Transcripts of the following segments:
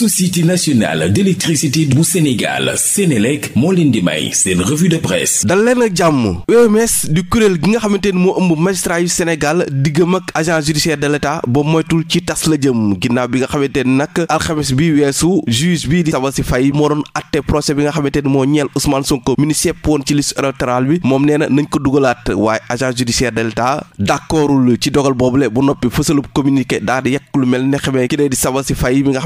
société nationale d'électricité bu Sénégal Sénélec moo leen di de presse dal leen ak jàmm UMS e di kuréel gi nga xamante ni moo ëmb magistrat yu Sénégal diggëm ak agent judiciaire de l'État ba moytul ci tas la jëm ginnaaw bi nga xamante ni nag alxames bi weesu juge bi di Sabassy Faye moo doon atte procès bi nga xamante ni moo ñeel Ousmane Sonko mi ni sepp woon ci liste électorale bi moom nee na nañ ko dugalaat waaye agent judiciaire de l'État d'accordul ci dogal boobule bu noppi fësalub communiqué daal di mel ne xamee ki di Sabassy Faye nga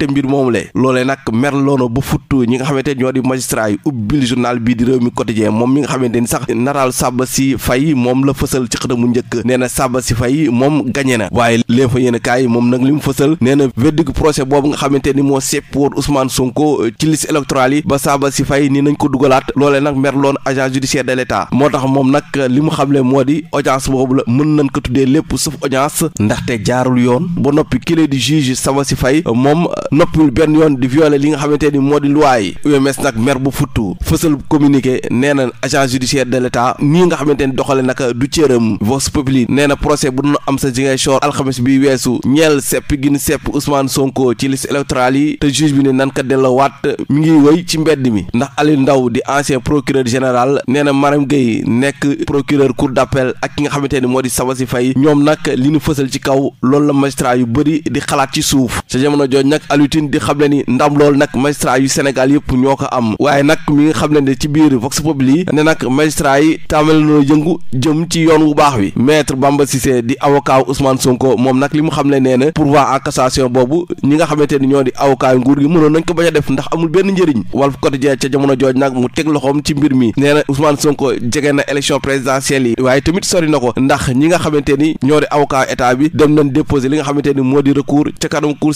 àtte mbir moomu le loolee nag merloono ba futtu ñi nga xamante ñoo di magistrat yi ubbil journal bii di réew mi quotidien moom mi nga xamante ni sax nataal Sabassy Faye moom la njëkk nee na Sabassy Faye moom gañe na waaye leen fa yéen kaay moom nag li mu fësal nee na verdict procès boobu nga xamante ni moo sepp woon Ousmane Sonko ci liste électorale yi ba si fay ni nañ ko dugalaat loolee nag merloon agent judiciaire de l'État moo tax moom nag li mu xamle moo di audience boobu la mën nañ ko tuddee lépp sauf audience ndaxte jaarul yoon ba noppi kile di juge Sabassy Faye moom noppul benn yoon di violer li nga xamante ni moo di loi yi UMS nag mer bu futtu fësal communiqué nee na agent judiciaire de l'État nii nga xamante ni doxale naka du cëram vox populi neena na procès bu doon am sa Ziguinchor alxames bi weesu ñeel sepp gi ñu sepp Ousmane Sonko ci liste électorale yi te juge bi ne nan ko delloowaat mi ngi wëy ci mbedd mi ndax Aliou Ndao di ancien procureur général nee na Maram Gueye nekk procureur cour d'appel ak ki nga xamante ni moo di Sabasy Faye ñoom nag li ñu fësal ci kaw loolu la magistrat yu bëri di xalaat ci suuf jamono jooj nag alutin Tine di xamle ni ndam lool nag magistrat yu Sénégal yëpp ñoo ko am waaye nag mi ngi xamle ne ci biir Vox Populi ne nag magistrat yi tàmbali na yëngu jëm ci yoon wu baax wi maître Bamba Cissé di avocat Ousmane Sonko moom nag li mu xamle nee na pourvoi en cassation boobu ñi nga xamante ni ñoo di avocat yu nguur gi mënoon nañ ko bañ a def ndax amul benn njëriñ Walf Quotidien ca jamono jooj nag mu teg loxoom ci mbir mi nee na Ousmane Sonko jege na élection présidentielle yi waaye tamit sori na ko ndax ñi nga ni ñoo di avocat état bi dem nañ déposer li nga xamante ni moo di recours ca kanam cour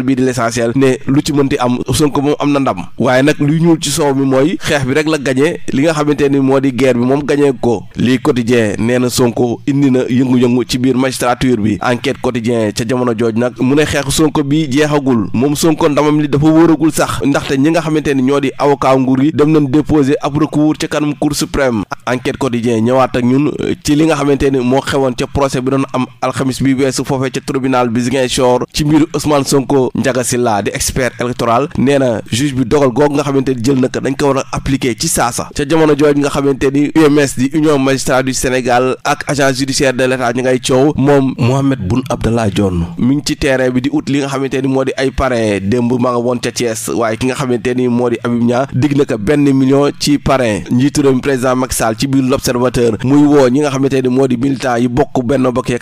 national bii di l'essentiel ne lu ci mënti am Sonko moom am na ndam waaye nag luy ñuul ci soow mi mooy xeex bi rek la gañe li nga xamante ni moo di guerre bi moom gañe ko lii quotidien nee na Sonko indi na yëngu-yëngu ci biir magistrature bi enquête quotidien ca jamono jooj nag mu ne xeexu Sonko bi jeexagul moom Sonko ndamam li dafa wóoragul sax ndaxte ñi nga xamante ni ñoo di avocat nguur gi dem nañ déposer ab recours ca kanam cour suprême enquête quotidien ñëwaat ak ñun euh, ci li nga xamante ni moo xewoon ca procès bi doon am alxamis bi weesu foofee ca tribunal bi Ziguinchor ci mbiru Ousmane Sonko Diallo Ndiaga Sylla di expert électoral nee na juge bi dogal googu nga xamante ni jël na ko dañ ko war a appliquer ci saasa ca jamono jooju nga xamante ni UMS di Union magistrat du Sénégal ak agence judiciaire de l'État ñu ngay coow moom Mohamed Boun Abdallah Dionne mi ngi ci terrain bi di ut li nga xamante ni moo di ay parrain démb maa nga ca Thiès waaye ki nga xamante ni moo di Habib Niang digg na benn million ci parrain njiitu réew mi président Macky Sall ci biir l'Observateur muy woo ñi nga xamante ni moo di militant yi bokk Benno Bokk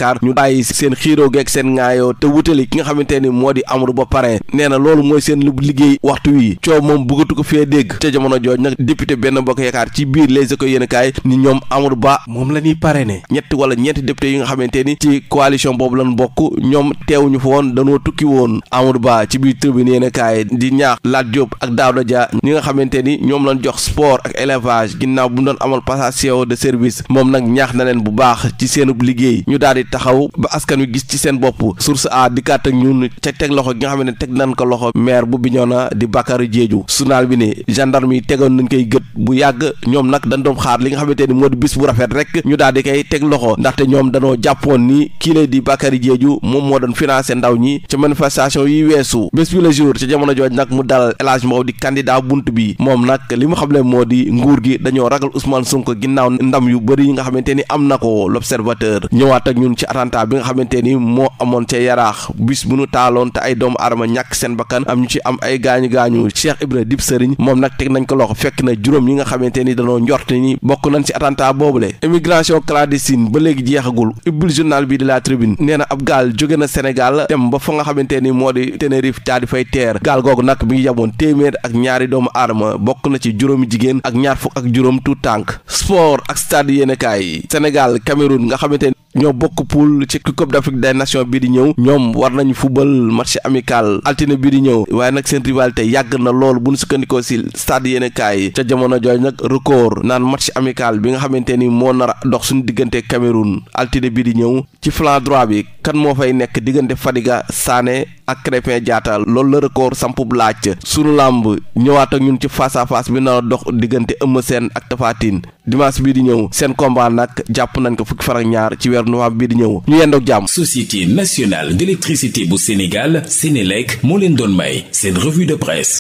seen xiiroo geeg ki nga xamante ni moo di Amadou ba pare nee na loolu mooy seen liggéey waxtu wi coow moom bëggatu ko fee dégg ca jamono jooj nag député benn bokk yaakaar ci biir les écoles ni ñoom Amadou Ba moom la ñuy parrainé ñett wala ñeenti député yi nga xamante ni ci coalition boobu lan bokk ñoom teewuñu fa woon dañoo tukki woon Amadou Ba ci biir tribune yéen kaay di ñaax Lat Diop ak Daouda Dia ñi nga xamante ni ñoom lañ jox sport ak élevage ginnaaw bu ñu doon amal passation de service moom nag ñaax na leen bu baax ci seenub liggéey ñu daal di taxaw ba askan gis ci seen bopp nga xam ne teg nañ ko loxo maire bu ni moo di bis bu rafet rek ñu daal di koy teg loxo ndaxte ñoom dañoo jàppoon ni kii lay di Bakary Diédhiou moom moo doon financé ndaw ñi ca manifestation yi weesu bés bi la jour ca jamono jooj nag mu dalal El Hadj di candidat bunt bi moom nag li mu xam ne moo di nguur gi dañoo ragal Ousmane Sonko ginnaaw ndam yu bëri yi nga xamante ni am na ko l'observateur ñëwaat ak ñun ci attentat bi nga xamante ni moo amoon ca yaraax bis bu ñu taaloon te ay doom doomu aadama ñàkk seen bakkan am ñu ci am ay gaañu gaañu Cheikh Ibra Dib Sëriñ moom nag teg nañ ko loxo fekk na juróom yi nga xamante ni danoo njort ni bokk nañ ci attentat boobule immigration clandestine ba léegi jeexagul ubbil journal bi de la tribune nee na ab gaal jóge na Sénégal dem ba fa nga xamante ni moo di Tenerife daal di fay teer gaal googu nag bi ngi yaboon téeméer ak ñaari doomu aadama bokk na ci juróomi jigéen ak ñaar fukk ak juróom tu tànk sport ak stade yéenekaay Sénégal Cameroun nga xamante ñoo bokk poule ci coupe d'Afrique des nations bii di ñëw ñoom war nañu football match amical altine bii di ñëw waaye nag seen rivalité yàgg na lool bu ñu sukkandikoo si stade yéen kaay ca jamono jooj nag record naan match amical bi nga xamante ni moo nar a dox suñu diggante Cameroun altine bii di ñëw ci flanc droit bi kan moo fay nekk diggante Fadiga Sané ak Krépin Diatta loolu la record sampub laaj sunu làmb ñëwaat ak ñun ci face à face bi nar a dox diggante Eumeu Sène ak Tapha dimanche bii di ñëw seen combat nag jàpp nañ ko fukki fan ak ñaar ci weeru novembre bii di ñëw ñu yendoog jàmm. Société nationale d'électricité bu Sénégal Sénélec moo leen doon may seen revue de presse.